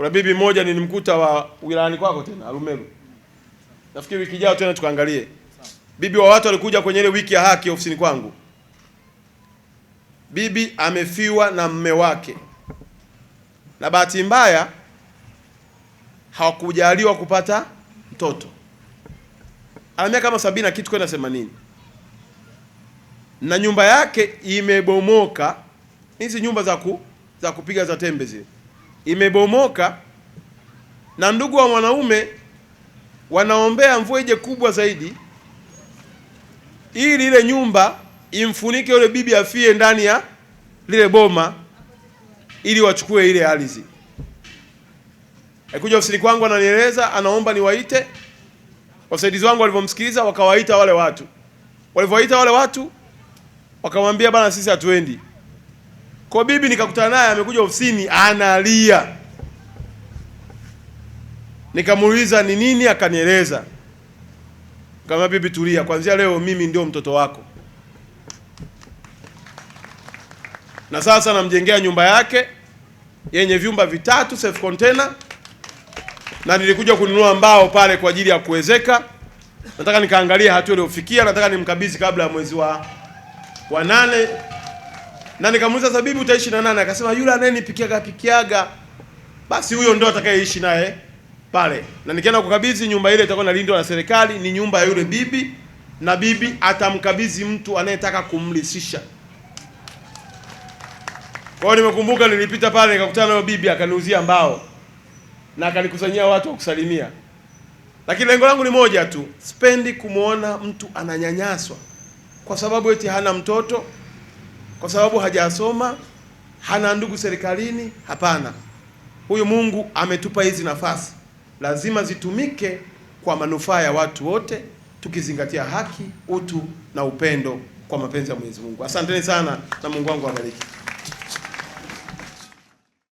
Kuna bibi moja nilimkuta wa wilayani kwako tena Arumeru. Nafikiri wiki ijayo tena tukaangalie. Bibi wa watu alikuja kwenye ile wiki ya haki ofisini kwangu. Bibi amefiwa na mme wake. Na bahati mbaya hawakujaliwa kupata mtoto. Ana miaka kama sabini na kitu kwenda themanini. Na nyumba yake imebomoka. Hizi nyumba za ku, za kupiga za tembe zile imebomoka na ndugu wa mwanaume wanaombea mvua ije kubwa zaidi, ili ile nyumba imfunike yule bibi afie ndani ya lile boma, ili wachukue ile ardhi. aikuja ofisini kwangu, ananieleza anaomba niwaite wasaidizi wangu. Walivyomsikiliza wakawaita wale watu, walivyowaita wale watu wakamwambia, bana, sisi hatuendi kwa bibi nikakutana naye amekuja ofisini analia, nikamuuliza ni nini, akanieleza. Kama bibi, tulia, kuanzia leo mimi ndio mtoto wako, na sasa namjengea nyumba yake yenye vyumba vitatu self container, na nilikuja kununua mbao pale kwa ajili ya kuwezeka. Nataka nikaangalia hatua iliyofikia, nataka nimkabidhi kabla ya mwezi wa wa nane na nikamuuliza zabibu, utaishi na nani? Akasema yule anayenipikiaga pikiaga, basi huyo ndo atakayeishi naye pale. Na nikaenda kukabidhi nyumba ile, itakuwa inalindwa na serikali, ni nyumba ya yule bibi, na bibi atamkabidhi mtu anayetaka kumlisisha. Kwa hiyo nimekumbuka, nilipita pale nikakutana na bibi, akaniuzia mbao na akanikusanyia watu wa kusalimia, lakini lengo langu ni moja tu, sipendi kumwona mtu ananyanyaswa kwa sababu eti hana mtoto kwa sababu hajasoma, hana ndugu serikalini. Hapana, huyu Mungu ametupa hizi nafasi, lazima zitumike kwa manufaa ya watu wote, tukizingatia haki, utu na upendo kwa mapenzi ya Mwenyezi Mungu. Asanteni sana na Mungu wangu awabariki.